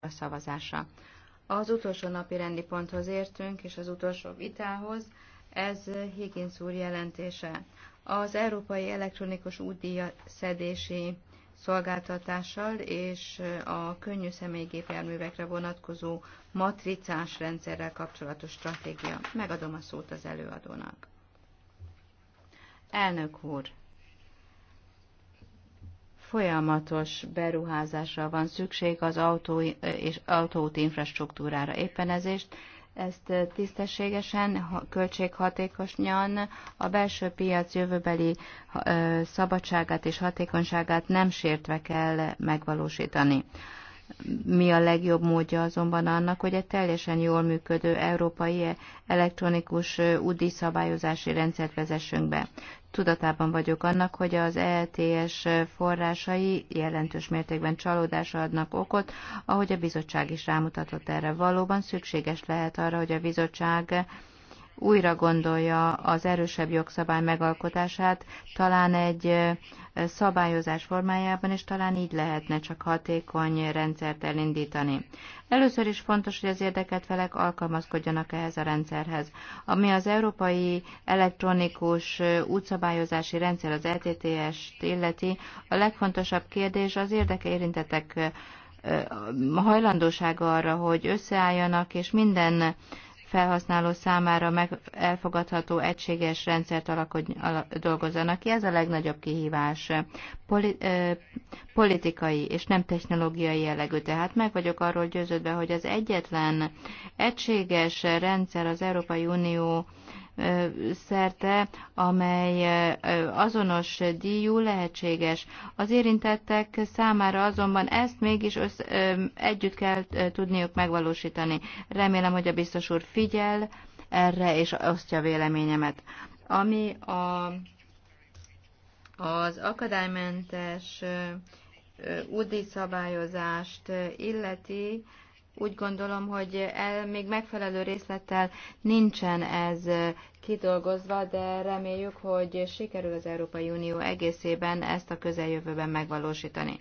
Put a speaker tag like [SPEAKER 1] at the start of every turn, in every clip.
[SPEAKER 1] a szavazása. Az utolsó napi rendi ponthoz értünk, és az utolsó vitához, ez Higgins úr jelentése. Az Európai Elektronikus Útdíja szedési szolgáltatással és a könnyű személygépjárművekre vonatkozó matricás rendszerrel kapcsolatos stratégia. Megadom a szót az előadónak. Elnök úr! folyamatos beruházásra van szükség az autó és autót infrastruktúrára épenezést, ezt tisztességesen, költséghatékonyan a belső piac jövőbeli szabadságát és hatékonyságát nem sértve kell megvalósítani. Mi a legjobb módja azonban annak, hogy egy teljesen jól működő európai elektronikus UDI szabályozási rendszert vezessünk be? Tudatában vagyok annak, hogy az ELTS forrásai jelentős mértékben csalódásra adnak okot, ahogy a bizottság is rámutatott erre. Valóban szükséges lehet arra, hogy a bizottság újra gondolja az erősebb jogszabály megalkotását, talán egy szabályozás formájában, és talán így lehetne csak hatékony rendszert elindítani. Először is fontos, hogy az érdekelt felek alkalmazkodjanak ehhez a rendszerhez. Ami az európai elektronikus útszabályozási rendszer, az ETTS-t illeti, a legfontosabb kérdés az érdeke érintettek hajlandósága arra, hogy összeálljanak, és minden felhasználó számára meg elfogadható egységes rendszert alakodj, al, dolgozzanak ki. Ez a legnagyobb kihívás. Poli, eh, politikai és nem technológiai jellegű. Tehát meg vagyok arról győződve, hogy az egyetlen egységes rendszer az Európai Unió szerte, amely azonos díjú lehetséges. Az érintettek számára azonban ezt mégis össze, együtt kell tudniuk megvalósítani. Remélem, hogy a biztos úr figyel erre és osztja véleményemet. Ami a, az akadálymentes úti szabályozást illeti, úgy gondolom, hogy el, még megfelelő részlettel nincsen ez kidolgozva, de reméljük, hogy sikerül az Európai Unió egészében ezt a közeljövőben megvalósítani.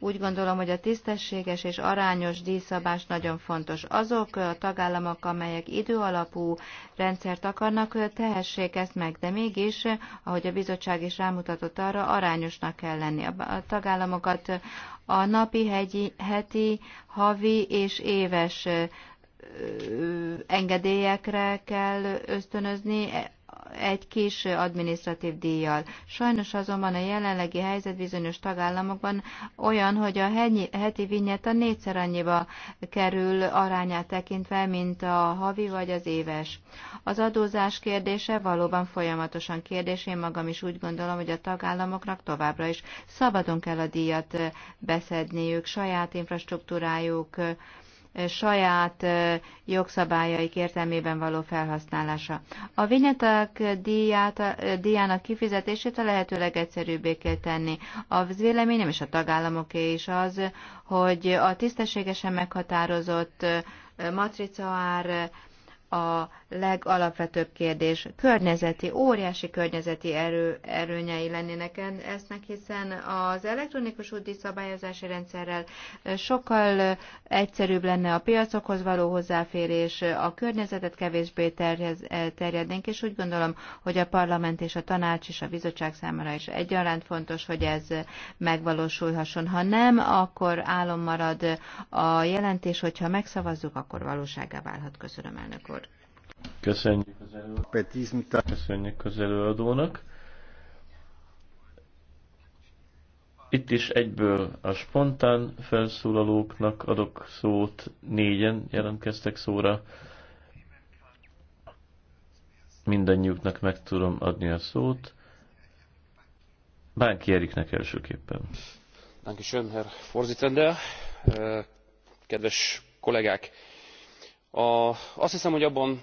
[SPEAKER 1] Úgy gondolom, hogy a tisztességes és arányos díjszabás nagyon fontos. Azok a tagállamok, amelyek időalapú rendszert akarnak, tehessék ezt meg, de mégis, ahogy a bizottság is rámutatott arra, arányosnak kell lenni. A tagállamokat a napi, hegyi, heti, havi és éves engedélyekre kell ösztönözni, egy kis adminisztratív díjjal. Sajnos azonban a jelenlegi helyzet bizonyos tagállamokban olyan, hogy a heti a négyszer annyiba kerül arányát tekintve, mint a havi vagy az éves. Az adózás kérdése valóban folyamatosan kérdés. Én magam is úgy gondolom, hogy a tagállamoknak továbbra is szabadon kell a díjat eh, beszedniük, saját infrastruktúrájuk, eh, saját jogszabályaik értelmében való felhasználása. A vinyetek díját, díjának kifizetését a lehető legegyszerűbbé kell tenni. Az véleményem és a tagállamoké is az, hogy a tisztességesen meghatározott matricaár a legalapvetőbb kérdés. Környezeti, óriási környezeti erő, erőnyei lennének esznek, hiszen az elektronikus úti szabályozási rendszerrel sokkal egyszerűbb lenne a piacokhoz való hozzáférés, a környezetet kevésbé terjez, terjednénk, és úgy gondolom, hogy a parlament és a tanács és a bizottság számára is egyaránt fontos, hogy ez megvalósulhasson. Ha nem, akkor álom marad a jelentés, hogyha megszavazzuk, akkor valóságá válhat. Köszönöm, elnök úr.
[SPEAKER 2] Köszönjük az, előadónak. Köszönjük az előadónak. Itt is egyből a spontán felszólalóknak adok szót, négyen jelentkeztek szóra. Mindennyiuknak meg tudom adni a szót. Bánki Eriknek elsőképpen.
[SPEAKER 3] Dankeschön, Herr Vorsitzender. Kedves kollégák! A, azt hiszem, hogy abban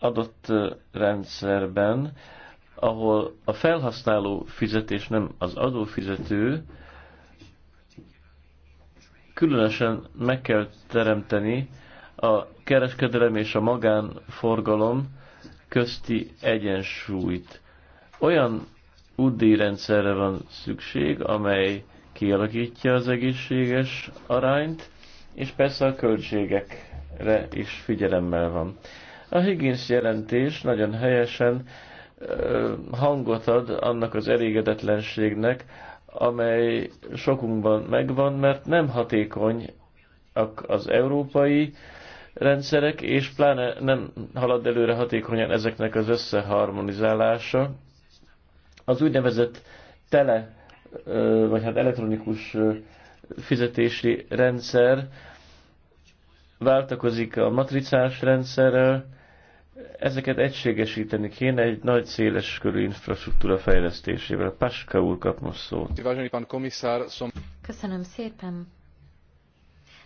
[SPEAKER 2] adott rendszerben, ahol a felhasználó fizetés nem az adófizető, különösen meg kell teremteni a kereskedelem és a magánforgalom közti egyensúlyt. olyan rendszerre van szükség, amely kialakítja az egészséges arányt, és persze a költségekre is figyelemmel van. A Higgins jelentés nagyon helyesen hangot ad annak az elégedetlenségnek, amely sokunkban megvan, mert nem hatékony az európai rendszerek, és pláne nem halad előre hatékonyan ezeknek az összeharmonizálása. Az úgynevezett tele, vagy hát elektronikus fizetési rendszer váltakozik a matricás rendszerrel, ezeket egységesíteni kéne egy nagy széles körű infrastruktúra fejlesztésével. Paska úr kap most szót.
[SPEAKER 4] Köszönöm szépen.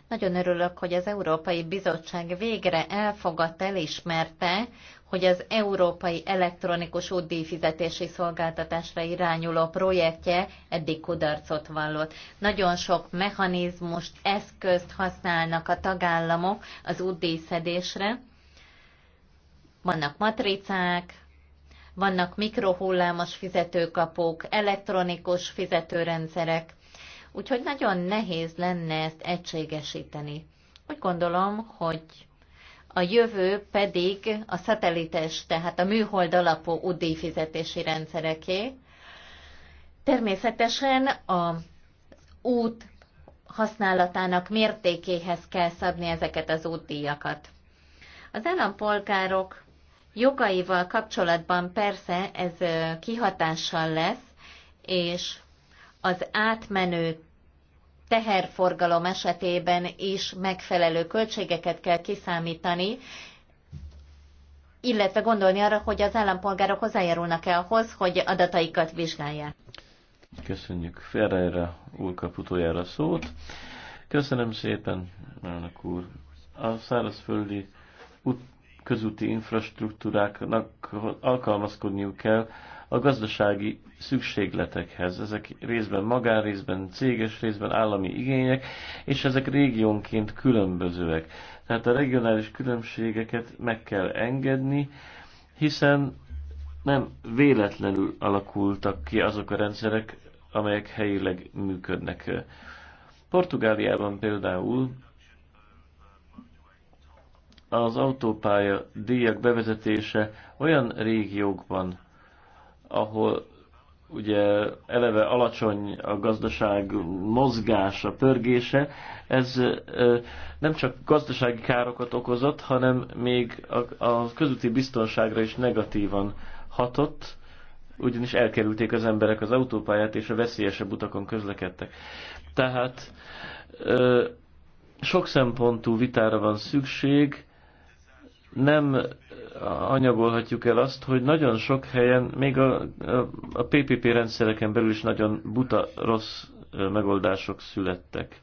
[SPEAKER 4] Nagyon örülök, hogy az Európai Bizottság végre elfogadta, elismerte, hogy az Európai Elektronikus Útdíjfizetési Szolgáltatásra irányuló projektje eddig kudarcot vallott. Nagyon sok mechanizmust, eszközt használnak a tagállamok az útdíjszedésre, vannak matricák, vannak mikrohullámos fizetőkapók, elektronikus fizetőrendszerek, úgyhogy nagyon nehéz lenne ezt egységesíteni. Úgy gondolom, hogy a jövő pedig a szatelites, tehát a műhold alapú UDI fizetési rendszereké. Természetesen a út használatának mértékéhez kell szabni ezeket az útdíjakat. Az állampolgárok jogaival kapcsolatban persze ez kihatással lesz, és az átmenő teherforgalom esetében is megfelelő költségeket kell kiszámítani, illetve gondolni arra, hogy az állampolgárok hozzájárulnak-e ahhoz, hogy adataikat vizsgálják.
[SPEAKER 2] Köszönjük Ferreira úr kaputójára szót. Köszönöm szépen, elnök úr. A szárazföldi ut- közúti infrastruktúráknak alkalmazkodniuk kell a gazdasági szükségletekhez. Ezek részben magán, részben céges, részben állami igények, és ezek régiónként különbözőek. Tehát a regionális különbségeket meg kell engedni, hiszen nem véletlenül alakultak ki azok a rendszerek, amelyek helyileg működnek. Portugáliában például az autópálya díjak bevezetése olyan régiókban, ahol ugye eleve alacsony a gazdaság mozgása, pörgése, ez nem csak gazdasági károkat okozott, hanem még a, közúti biztonságra is negatívan hatott, ugyanis elkerülték az emberek az autópályát, és a veszélyesebb utakon közlekedtek. Tehát sok szempontú vitára van szükség, nem anyagolhatjuk el azt, hogy nagyon sok helyen, még a, a PPP rendszereken belül is nagyon buta, rossz megoldások születtek.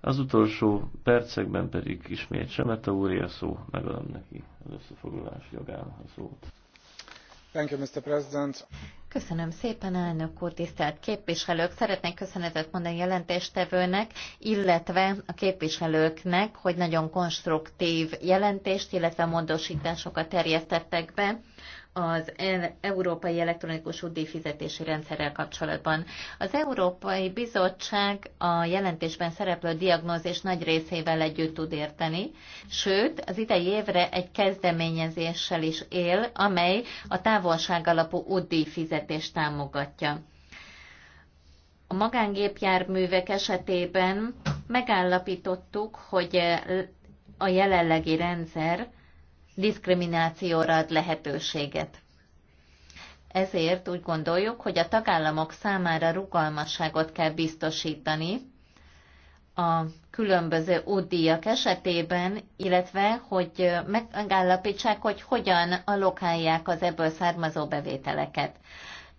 [SPEAKER 2] Az utolsó percekben pedig ismét sem a a szó, megadom neki az összefoglalás jogán a szót.
[SPEAKER 1] Thank you, Mr. President.
[SPEAKER 4] Köszönöm szépen, elnök úr, tisztelt képviselők! Szeretnék köszönetet mondani jelentéstevőnek, illetve a képviselőknek, hogy nagyon konstruktív jelentést, illetve módosításokat terjesztettek be az Európai Elektronikus Fizetési Rendszerrel kapcsolatban. Az Európai Bizottság a jelentésben szereplő diagnózis nagy részével együtt tud érteni, sőt, az idei évre egy kezdeményezéssel is él, amely a távolságalapú fizetést támogatja. A magángépjárművek esetében megállapítottuk, hogy a jelenlegi rendszer diszkriminációra ad lehetőséget. Ezért úgy gondoljuk, hogy a tagállamok számára rugalmasságot kell biztosítani a különböző útdíjak esetében, illetve hogy megállapítsák, hogy hogyan alokálják az ebből származó bevételeket.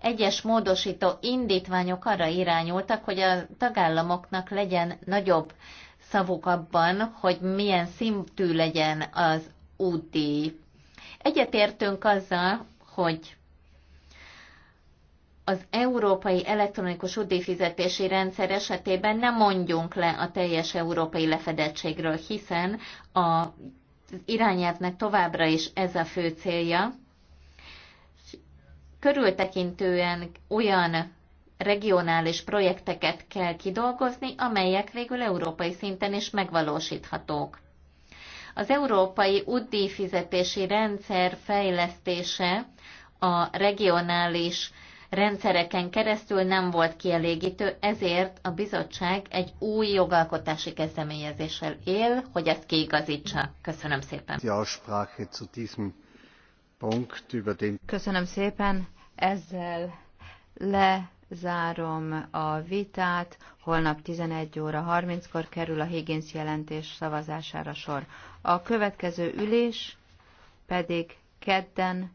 [SPEAKER 4] Egyes módosító indítványok arra irányultak, hogy a tagállamoknak legyen nagyobb szavuk abban, hogy milyen szintű legyen az útdíj. Egyetértünk azzal, hogy az európai elektronikus útdíjfizetési rendszer esetében nem mondjunk le a teljes európai lefedettségről, hiszen a irányelvnek továbbra is ez a fő célja. Körültekintően olyan regionális projekteket kell kidolgozni, amelyek végül európai szinten is megvalósíthatók. Az európai útdíjfizetési rendszer fejlesztése a regionális rendszereken keresztül nem volt kielégítő, ezért a bizottság egy új jogalkotási kezdeményezéssel él, hogy
[SPEAKER 1] ezt kiigazítsa. Köszönöm szépen. Köszönöm szépen. Ezzel le zárom a vitát. Holnap 11 óra 30-kor kerül a Higgins jelentés szavazására sor. A következő ülés pedig kedden